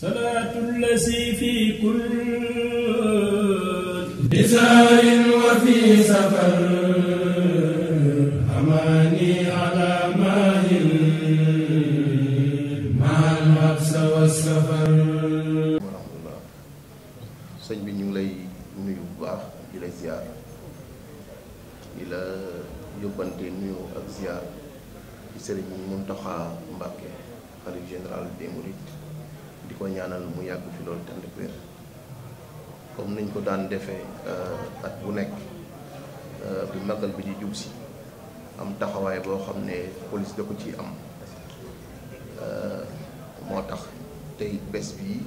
salaatu llazi fi kulli. bisaarin wa fi safar. ko daan defee euh, at bu nekk euh, bi magal bi di jub si am taxawaay boo xam ne police da ko ci am euh, moo tax tey bés bi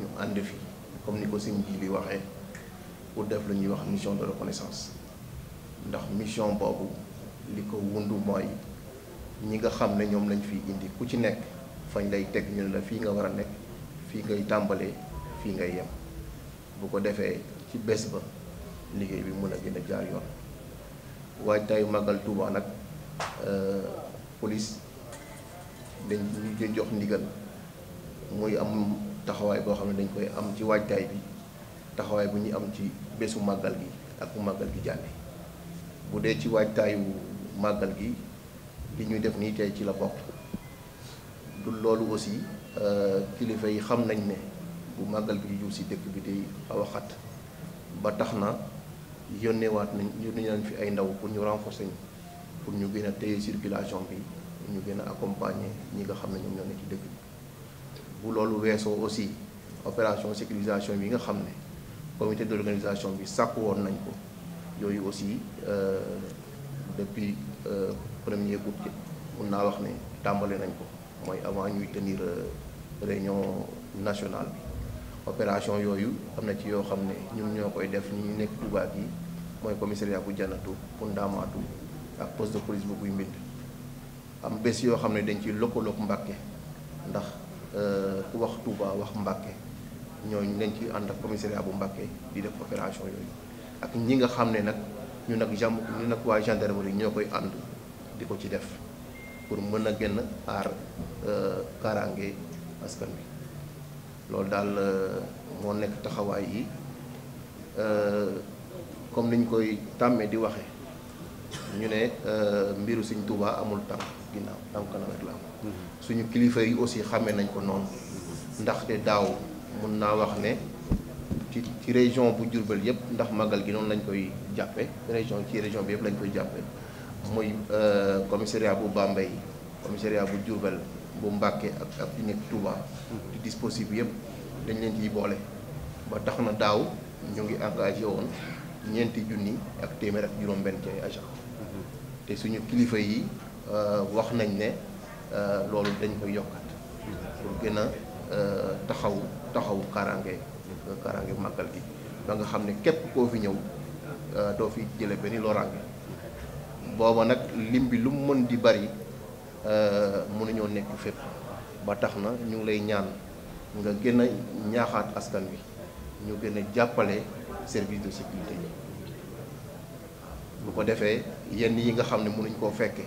ñu ànd fi comme ni ko sëñ ji li waxee pour def lu ñuy wax mission de reconnaissance ndax mission boobu li ko wundu mooy ñi nga xam ne ñoom lañ fi indi ku ci nekk fañ lay teg ñu la fii nga war a nekk fii ngay tàmbalee fii ngay yem bu ko defee ci bés ba liggéey bi mën a gën a jaar yoon waajtaayu màggal Tuuba nag euh, police dañ ñu jox ndigal muy am taxawaay boo xam ne dañ koy am ci waajtaay bi taxawaay bu ñuy am ci bésu màggal gi ak bu màggal gi jàlle bu dee ci waajtaayu màggal gi li ñuy def nii tey ci la bokk loolu aussi euh, kilifa yi xam nañ ne bu màggal bi jub si dëkk bi day xaw ba tax na yónneewaat nañ yónnee nañ fi ay ndaw pour ñu renforcer ñu pour ñu gën a téye circulation bi ñu gën a accompagner ñi nga xam ne ñoom ñoo ne ci dëkk bi bu loolu weesoo aussi opération sécurisation bi nga xam ne comité d' organisation bi sàkku woon nañ ko yooyu aussi euh, depuis euh, premier août mun naa wax ne tàmbale nañ ko mooy avant ñuy tenir euh, réunion nationale bi opération yooyu xam na ci yoo xam ne ñun ñoo koy def ñu nekk Touba gi mooy commissariat bu Janatu bu Ndaamaatu ak poste de police bu Guy Mbind am bés yoo xam ne dañ ciy lëkkaloog Mbàkke ndax euh, ku wax Touba wax Mbàkke ñooñu dañ ci ànd ak commissariat bu Mbàkke di def opération yooyu ak ñi nga xam ne nag ñu nag jàmm ñu nag waa yi ñoo koy ànd di ko ci def pour mën a gën aar euh, kaaraange askan bi loolu daal euh, moo nekk taxawaay yi euh, comme niñ koy tàmmee di waxe ñu ne euh, mbiru Sëñ Tuubaa amul tànk ginnaaw tànk kanam rek la am mm-hmm. suñu kilifa yi aussi xàmmee nañ ko noonu mm-hmm. ndaxte daaw mun naa wax ne ci ci région bu Diourbel yëpp ndax magal gi noonu lañ koy jàppe région ci région bi yëpp lañ koy jàppe muy commissariat bu Bambey commissariat bu Diourbel bu Mbàkke ak ak yu nekk Touba di dispositif yëpp dañ leen ciy boole ba tax na daaw ñu ngi engagé woon ñeenti junni ak téeméer ak juróom-benn ci ay te suñu kilifa yi euh, wax nañ ne euh, loolu dañ koy yokkat pour gën a euh, taxaw taxawu kaaraange kaaraange màggal gi ba nga xam ne képp koo fi ñëw doo fi jële benn loraange booba nag lim bi lu mu mën di bari Euh, mënuñoo nekk fépp ba tax na ñu ngi lay ñaan nga gën a ñaaxaat askan wi ñu gën a jàppale service de sécurité yi bu ko defee yenn yi nga xam ne mënuñ koo fekke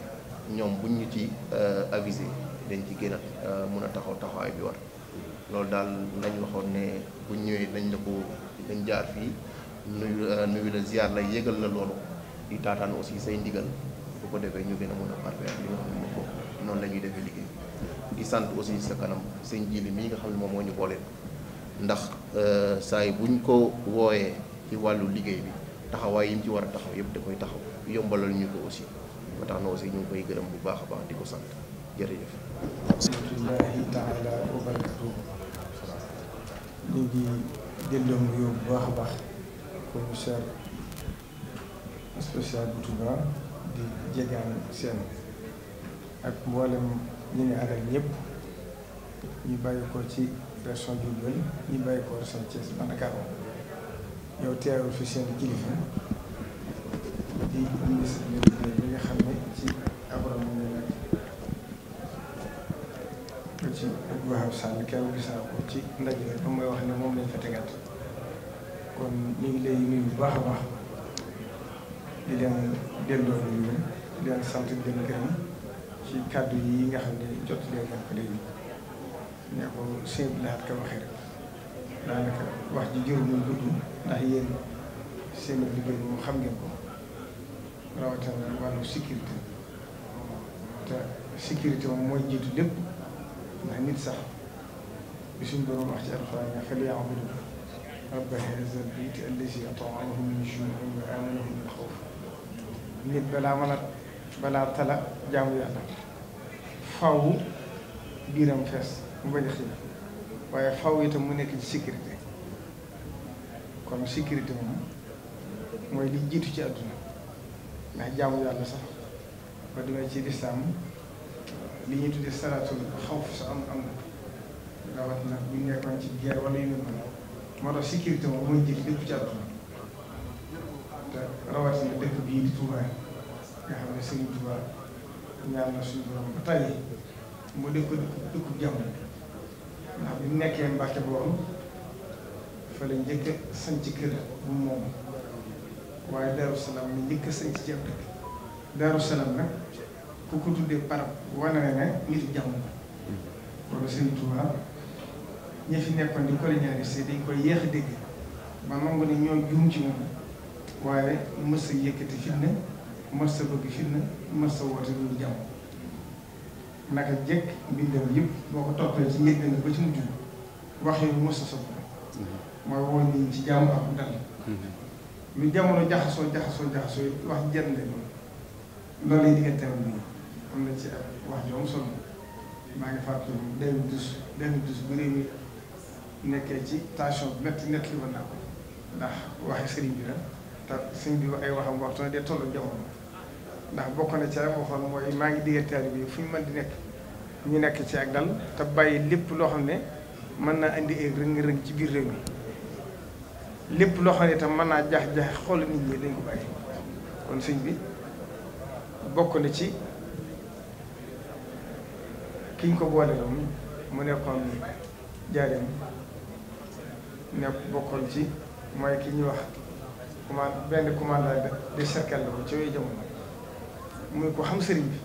ñoom buñ ñu ci euh, avisé dañ ci gën a euh, mën a taxaw taxawaay bi war loolu daal lañ waxoon ne buñ ñëwee dañ la ko dañ jaar fii nuyu nuyu la ziar la yëgal na loolu di taataan aussi say ndigal bu ko defee ñu gën a mën a parfaire li nga xam ne defee liggéey di sant aussi sa kanam sëñ jili yi nga xam ne moom moo ñu booleel ndax euh, saa yi buñ ko wooyee ci wàllu liggéey bi taxawaay yi mu ci war a taxaw yëpp da koy taxaw yombalal ñu ko aussi ba tax na aussi ñu koy gërëm bu baax a baax di ko sant jërëjëf. rahmatullahi taala wa barakatuh bu baax a baax commissaire spécial bu Touba di jegaan seen. ak mboolem ñi nga àndal ñëpp ñu bàyyi ko ci région Diourbel ñu bàyyi ko région Thiès seen kilifa di ministre xam ci abram mu ngi ci Abdou Sall ba mooy wax ne moom lañ fa tegaat kon ñu bu baax a baax di leen delloo nuyu di leen sant di gërëm ci kàddu yi nga xam ne jot leen ko léegi ne ko sëñ bi laat ka waxee rek daanaka wax ji jur muy gudd ndax yéen seen liggéey boobu xam ngeen ko rawatina wàllu sécurité te sécurité moom mooy jiitu lépp ndax nit sax bi suñ borom wax ci alxuraan ne falyabudu rabba haazal bayti allazi at'amahum min juu'in wa aamanahum min xawf nit balaa mën a balaa tala jaamu yàlla faw biiram fees mu bañ a xiif waaye faw itam mu nekk ci sécurité kon sécurité moom mooy li jiitu ci àdduna ndax jaamu yàlla sax ba demee ci lislaam li ñuy tuddee salaatul xawf sa am am na rawatina bu ñu nekkoon ci guerre wala yu mel noonu moo tax sécurité moom mooy jiitu lépp ci àdduna te rawatina dëkk bii di Tuubaa nga xam ne Serigne Touba ñaan na suñu borom ba tàyyi mu dëkk dëkku jàmm ndax bi mu nekkee Mbàkke boobu fa njëkk a sanc kër bu moom waaye Daaru Salaam njëkk a sanc ci ab dëkk ku ko tuddee barab wane na ne nitu jàmm la loolu Serigne Touba ñi fi nekkoon di colonialiste dañ koy yéex a dégg ba nangu ne ñoo juum ci moom waaye mës a yëkkati fitna mas sa bëgg fitna mas sa woote lu jàmm naka jekk mbindam yëpp boo ko toppee si njëkk ba ci mujj waxee bu mas sa sopp mm-hmm. mooy woo nit ñi ci jàmm ak dal mm-hmm. lu jamono jaxasoo jaxasoo wax jënd loolu lay diggante woon nii ngi fàttali 2012 2012 bu réew mi nekkee ci tension bi métti nett li woon ko ndax waxi sëriñ bi la te sëriñ bi ay waxam waxtu na dee tollu jamono ndax bokk na ci am waxoon mooy maa ngi digal taalibe bi fu ñu mën di nekk ñu nekk ci ak dal te bàyyi lépp loo xam ne mën naa indi ay rëng-rëng ci biir réew mi lépp loo xam ne itam mën naa jax-jax xool nit ñi dañ ko bàyyi kon sëñ bi bokk na ci ki ko boole doon mu nekkoon jaareem nekk bokkoon ci mooy ki ñuy wax commande benn commande de cercle la ko ci yooyu jamono muy ko xam sëriñ bi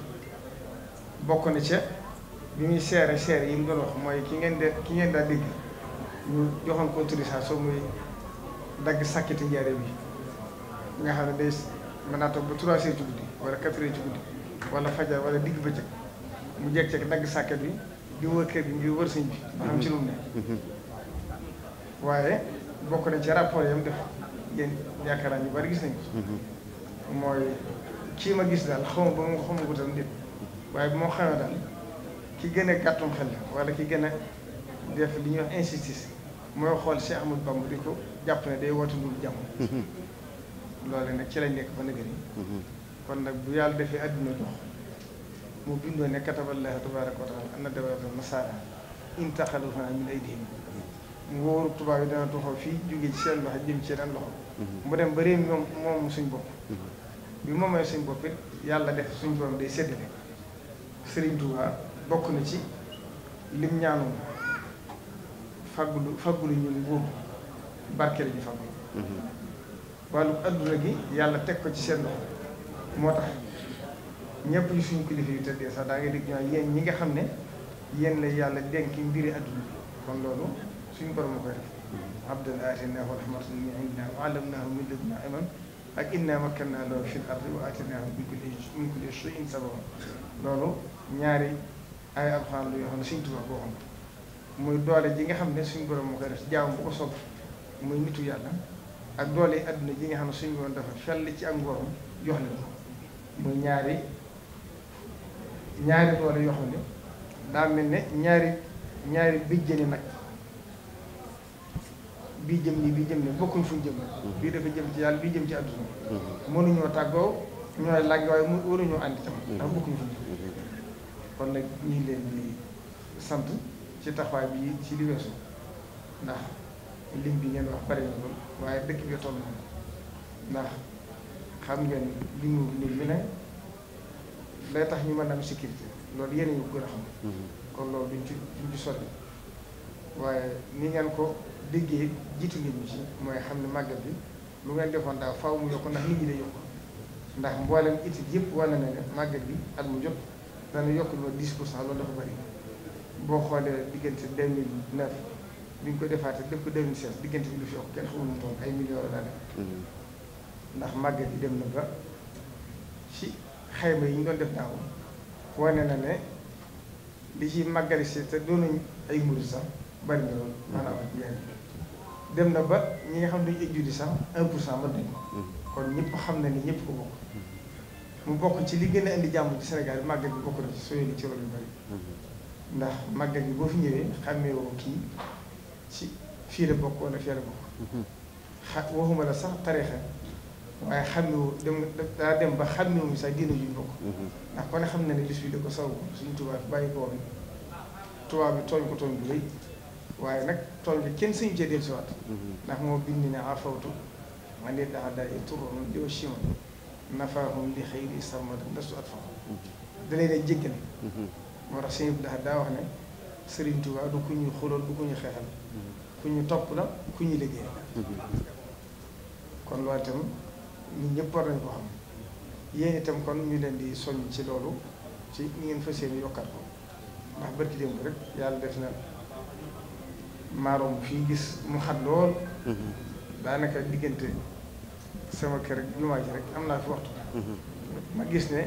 bokk na ca bi muy seere seere yi mu doon wax mooy ki ngeen de ki ngeen daa dégg ñu joxoon ko autorisation muy dagg sàkkiti njaare bi nga xam ne day mën naa toog ba trois heures ci guddi wala quatre heures ci guddi wala fajar wala digg bëccëg mu jekk ceeg dagg sàkket bi di wër kër gi ngir wër sëñ bi ba xam ci lu ne waaye bokk na ci rapport yam def ngeen yu bari gis nañ ko mhm. mooy ci ma gis daal xaw ma ba mu xaw ma wutal nit waaye bi moo xamee daal ki gën a gàttum xel wala ki gën a def li ñuy wax injustice mooy xool si Ahmadou Bamba di ko jàpp ne day woote lu jàmm loole nag ci lañ nekk ba nëgëri kon nag bu yàlla defee àdduna dox mu bindoo ne kataballahu tabaraka na taala anna dawata nasara intaxalu fana min aydihim mu wóoru tubaab yi dana toxoo fii jóge ci seen loxo jëm ci seen loxo mm-hmm. mu dem ba réew moom moom suñ bopp mm-hmm. bi moom mooy suñ bopp yàlla def suñ borom day séddale Serigne bokk na ci lim ñaanoon faggulu faggulu ñun nguur barke la ñu faggulu mm-hmm. wàllu adduna gi yàlla teg ko ci seen loxo moo tax ñëpp ñu suñu kilifa yu tëddee sax daa ngay dégg ñoo yéen ñi nga xam ne yéen la yàlla denk mbiri adduna bi kon loolu suñ borom a koy def mm-hmm. abdan aataynahu rahmatan min indina wa allamnahu min ladunna ilman ak inna makkanna lahu fil ardi wa aataynaahu min kulli shay'in sababan loolu ñaari ay alxuraan lu yoo xam ne suñ tubaab boo xam doole ji nga xam ne suñ borom moo koy def jaam bu ko sopp muy nitu yàlla ak doole yi àdduna ji nga xam ne suñ borom dafa fell ci ak ngorom jox ko muy ñaari ñaari doole yoo xam ne daa mel ne ñaari ñaari yi nag bii jëm nii bii jëm nii bokkuñ fu ñu jëm mm-hmm. bii dafa jëm ci yàlla bii jëm ci àdduna mm-hmm. mënuñoo tàggoo ñooy làgg waaye mu waruñoo ànd tam mm-hmm. ndax bokkuñ fu ñu jëm kon nag ñu leen di sant ci taxawaay bi ci li weesu ndax lim bi ngeen wax bari na lool waaye dëkk bi toll na ndax xam ngeen li mu ne day tax ñu mën a am sécurité loolu yéen a ko a xam kon loolu duñ ci duñ ci sori waaye ni ngeen ko déggee jiitu nit ñi ci mooy xam ne màggal bi lu ngeen defoon daaw faw mu yokk ndax nit ñi day yokk ndax mboolem itit yëpp war na ne màggal bi at mu jot dana yokk lu 10 pour cent loolu dafa bëri boo xoolee diggante 2009 bi ñu ko defaatee def ko 2016 diggante bi lu fi yokk kenn xamul mu toon ay millions la def mm-hmm. ndax màggal bi dem na ba ci xayma yi ñu doon def daaw wane na ne li ci màggali si te doonuñ ay murid sax bari na lool maanaam jeex dem na ba ñi nga xam ne dañuy julli sax un pour cent mën nañu mm. kon ñëpp xam na ni ñëpp ko bokk mu bokk ci li gën a indi jàmm ci Sénégal màggal gi bokk na ci sooy ci mm-hmm. ndax màggal gi boo fi ñëwee xàmmee woo kii ci fii la bokk mm-hmm. xa waxuma la sax tarixa dem ba xàmmewu sax diina yuñ bokk mm-hmm. ndax kon xam na ne bis bi da ko saw suñu tubaab bàyyi ko woon tubaab bi tooñ ko tooñ bu rëy waaye nag tool bi kenn sañu cee dellu si mhm. ndax moo bind ne a fawtu man de daa daal i turoon di wa chima nafaahum li xëy di sarmada ndastu at fan mhm. da leen ay jéggale mhm. moo tax sëñ bi daa daa wax ne Sëriñ Tuubaa du ku ñuy xulool du ku ñuy xeexal ku ñu topp la ku ñuy liggéey kon loolu itam ñun ñëpp war nañu ko xam yéen itam kon ñu leen di soññ ci loolu ci ngeen fas yéene yokkaat ko ndax barki démb rek yàlla def na maaroom fi gis mu xat lool. Mhm. daanaka diggante sama kër ak jumaa ji rek am naa fi waxtu. Mhm. ma gis ne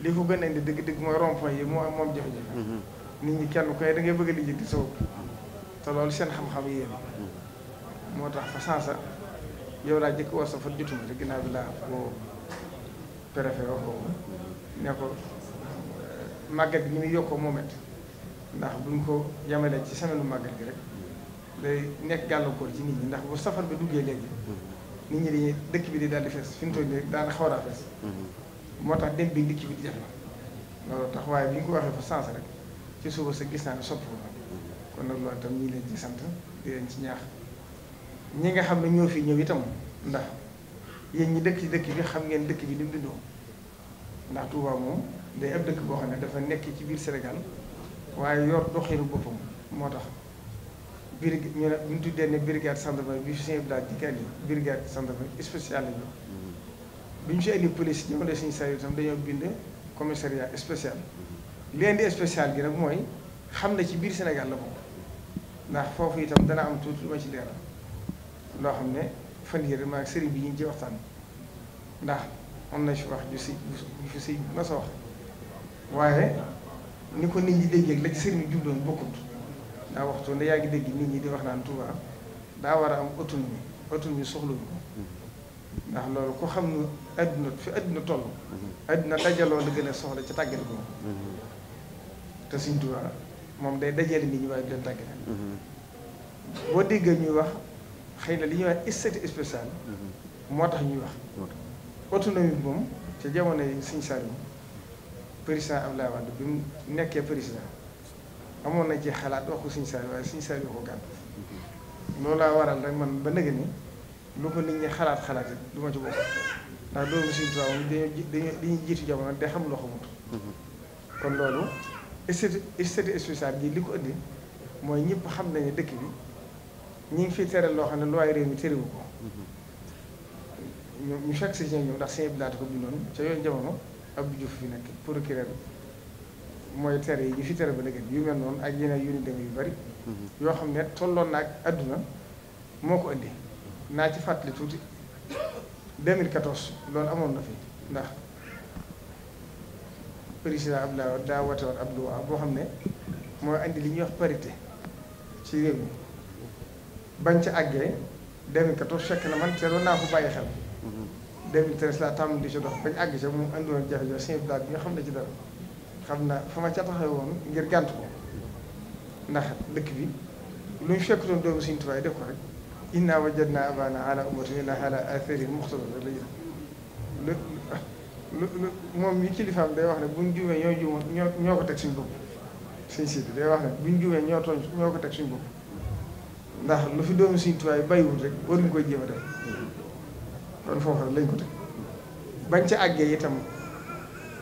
li ko gën a indi dëgg-dëgg mooy rond-point yi moom jafe-jafe. Mhm. nit ñi kenn koy da ngay bëgg a lijjanti sa bopp te loolu seen xam-xam yéen moo tax fa sansa yow laa jëkk war sa fa jotuma te ginnaaw bi laa ko préfet wax ko ne gi ni yokkoo moom it ndax buñ ko yamalee ci semaine màggat gi rek day nekk gàllankoor ci nit ñi ndax bu safar bi duggee léegi nit ñi dañuy dëkk bi di daal di fees fi mu toll nii daana xaw naa fees mm-hmm. moo tax dem bi dikk bi di def la loolu tax waaye bi ñu ko waxee fa sens rek ci gis naa ne soppi mm-hmm. kon nag loolu itam ngi leen ci sant di leen ci ñaax ñi nga xam ne ñoo fii ñëw itam ndax yéen ñi dëkk ci dëkk bi xam ngeen dëkk bi ni mu bindoo ndax Touba moom day ab dëkk boo xam ne dafa nekk ci biir senegal waaye yor doxinu boppam moo tax biri ñu ne bu ñu tuddee ne brigade gendarmerie bi fi seen village di ko indi brigade gendarmerie spéciale la ñu. Mhm. ñu fi police ñëwalee suñu dañoo bind commissariat spécial. Mhm. li indi spécial gi nag mooy xam ne ci biir Sénégal la bokk ndax foofu itam dana am tuuti lu ci leeral loo xam ne fan yii maa sëriñ bi ñu ngi ci waxtaan na ci wax ju si ju si ma sa wax waaye ni ko nit ñi déggee la ci sëriñ bi bokkut. ndax waxtu ne yaa ngi dégg nit ñi di wax naan Touba daa war a am autonomie autonomie soxluñu ko ndax loolu ku xam ne adduna fi àdduna toll adduna mm-hmm. dajaloo la gën a soxla ci tàggale ko te Sëñ Touba moom day dajale nit ñi waaye du leen tàggale mm-hmm. boo déggee ñuy wax xëy na li ñuy wax statut spécial mm-hmm. moo tax ñuy wax autonomie bi moom ca jamono yi Sëñ Saliou am Abdoulaye Wade bi mu nekkee président amoon na ci xalaat wax ko Sëñ waaye Sëñ Saaliw ko gànt loolu laa waral rek man ba nëgë ni lu ko nit ñi xalaat xalaat it du ma ci bokk ndax doomu Sëñ Tuubaa moom dañoo dañoo dañuy jiitu jamono te xam loo xamut kon loolu statut statut spécial bi li ko indi mooy ñëpp xam nañu dëkk bi ñu ngi fi tere loo xam ne looy réew mi terewu ko ñu ñu fekk si ñoom ndax seen i bilaat ko bindoon ca yooyu jamono Abdou Diouf fi nekk procureur bi mooy tere yi ñu fi tere ba léegi yu mel noonu ak yeneen yu ni demee yu bari mhm. yoo xam ne tolloon naag àdduna moo ko indi naa ci fàttali tuuti 2014 loolu amoon na fi ndax président Abdoulaye Wade daa woote woon Abdou Wade boo xam ne mooy indi li ñuy wax parité ci réew mi bañ ca àggee 2014 fekk na man teeloon naa ko bàyyi xel 2013 mhm. laa tàmm di ci dox bañ àgg ca moom andiwoon jafe-jafe seen bi nga xam ne ci dara xam naa fa ma ca woon ngir gànt ko ndax lëkk bi lu ñu fekk doon doomu Sëriñ Tuubaa def ko rek inna wajadna abana ala ummatin inna ala atharihim muqtadun la jël lu lu moom mi kilifaam day wax ne buñ juumee ñoo juumoon ñoo ko teg suñu bopp Sëriñ Sidi day wax ne buñ juumee ñoo tooñ ko teg suñu bopp ndax lu fi doomu Sëriñ Tuubaa bàyyiwul rek waruñu koy jéem a def kon foofu rek lañ ko teg bañ ca àggee itam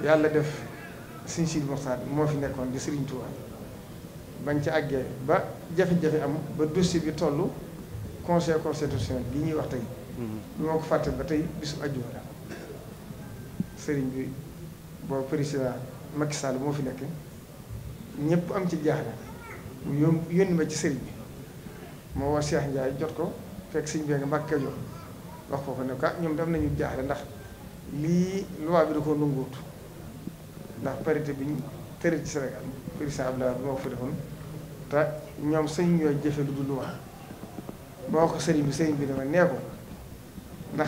yàlla def Sëriñ Sidi Moxtaar moo fi nekkoon di Sëriñ Tuubaa bañ ci àggee ba jafe-jafe am ba dossier bi toll conseil constitutionnel bi ñuy wax tey. ñu mm-hmm. ma ko fàtte ba tey bisu àjjuma la sëriñ bi boobu président Macky Sall moo fi nekk ñëpp am ci jaaxle mu yón ma ci sëriñ bi moo war Cheikh Ndiaye jot ko fekk siñ bi nga Mbàkke Kajoor wax ko ko ne ko ah, ñoom def nañu jaaxle ndax lii loi bi da koo nanguwut ndax parité bi ñu tëri ci Sénégal président Abdoulaye moo ko fa defoon te ñoom sëñ ñooy jëfe lu dul wax moo ko sëriñ bi sëriñ bi dama nee ko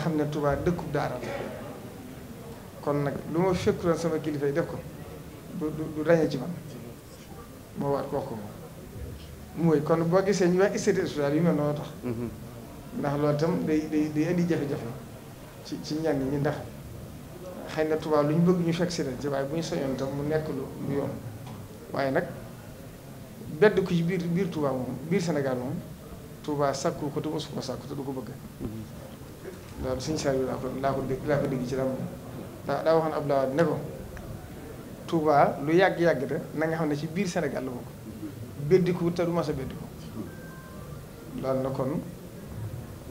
xam ne Touba dëkkub daara kon nag lu ma fekkuloon sama kilifa yi def ko du du dañee ci man moo waat kooku moom mooy kon boo gisee ñu wax statut spécial yu mel noonu tax mm-hmm. ndax loolu itam day day day indi jafe-jafe ci ci ñenn ñi ndax xëy na Tuubaa lu ñu bëgg ñu fekk si ci waaye bu ñu soñoon tam mu nekk lu lu yoon waaye nag bedd ko ci biir biir tubaa moom biir senegal moom Tuubaa sàkku ko te mosu koo sàkku te du ko bëgg loolu suñu saa yi laa ko laa ko dégg laa ko dégg ci lam daa waxoon Abdoulaye Wade ne ko Tuubaa lu yàgg-yàgg de na xam ne ci biir Sénégal la bokk beddiku te du mas a beddiku loolu na kon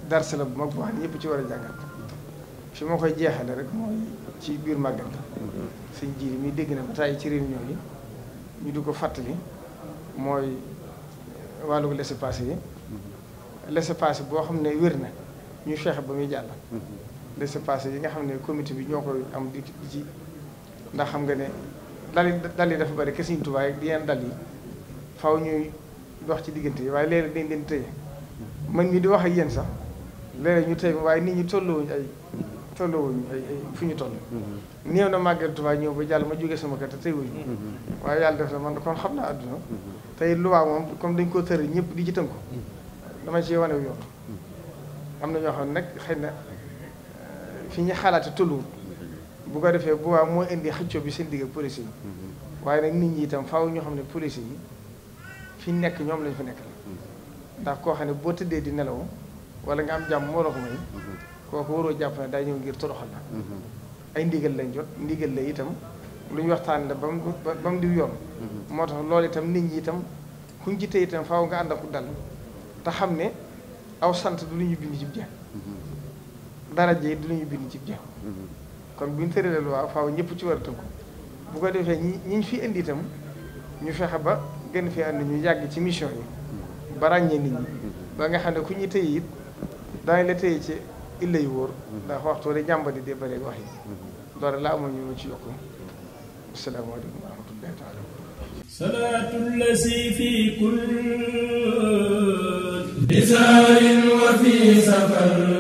dars bu mag boo xam ne ci war a jàngat fi ma koy jeexale rek ci biir màggal sëñ ji mi dégg na tay ci réunion yi ñu du ko fàttali mooy wàllu laissez-passer yi laissez-passer boo xam ne wér na ñu fexe ba muy jàll laissez-passer yi nga xam ne commité bi ñoo koy am di ci ndax xam nga ne dal dal yi dafa bari ke Sëñ Tuubaa di yenn dal yi faw ñuy dox ci diggante yi waaye léeg-léeg dañ leen tëye man mii di wax ak yéen sax léeg-léeg ñu tëye waaye nit ñi tolluwuñ ay tolluwuñu ay ay fu ñu toll. Mm-hmm. néew na màggal Tuubaa ñëw ba jàll ma jógee sama kër te tey wuñu mm-hmm. waaye yàlla def na man kon xam ne àdduna. Mm-hmm. tey luwaa comme dañ ko tëri ñëpp di ci tënku. dama ci wane wu am na ñoo xam ne nag xëy na euh, fi ñu xalaate tolluwut. bu ko defee bu waa moo indi xëccoo bi seen digg ak police yi. waaye nag nit ñi itam faw ñoo xam ne police yi fi nekk ñoom lañ fi nekk. ndax koo xam ne boo tëddee di nelaw wala nga am jàmm moo la ko may. kooku waroo jàpp ne daa ñëw ngir toroxal la mhm. ay ndigal lañ jot ndigal la itam lu ñu waxtaan la ba mu ba mu diw yoon mhm. moo tax lool itam nit ñi itam kuñ ji tey itam faaw nga ànd ak dal te xam ne aw sant du lu ñu bind cib jeex mhm. daraje du lu ñu bind cib jeex kon bu ñu tëralee lu waaw faaw ñëpp ci war a tënku bu ko defee ñi ñi fi indi itam ñu fexe ba gën fee ànd ñu yàgg ci mission yi ba ràññee nit ñi ba nga xam ne ku ñu tey it daañu la tey ci illay wóor mm-hmm. ndax waxtu wala jàmba di dee bëreeg wax yi mm-hmm. loolu laa amoon ñu mu ci yokk asalaamaaleykum wa rahmatullahi taala salaatul fi kulli bisarin wa safar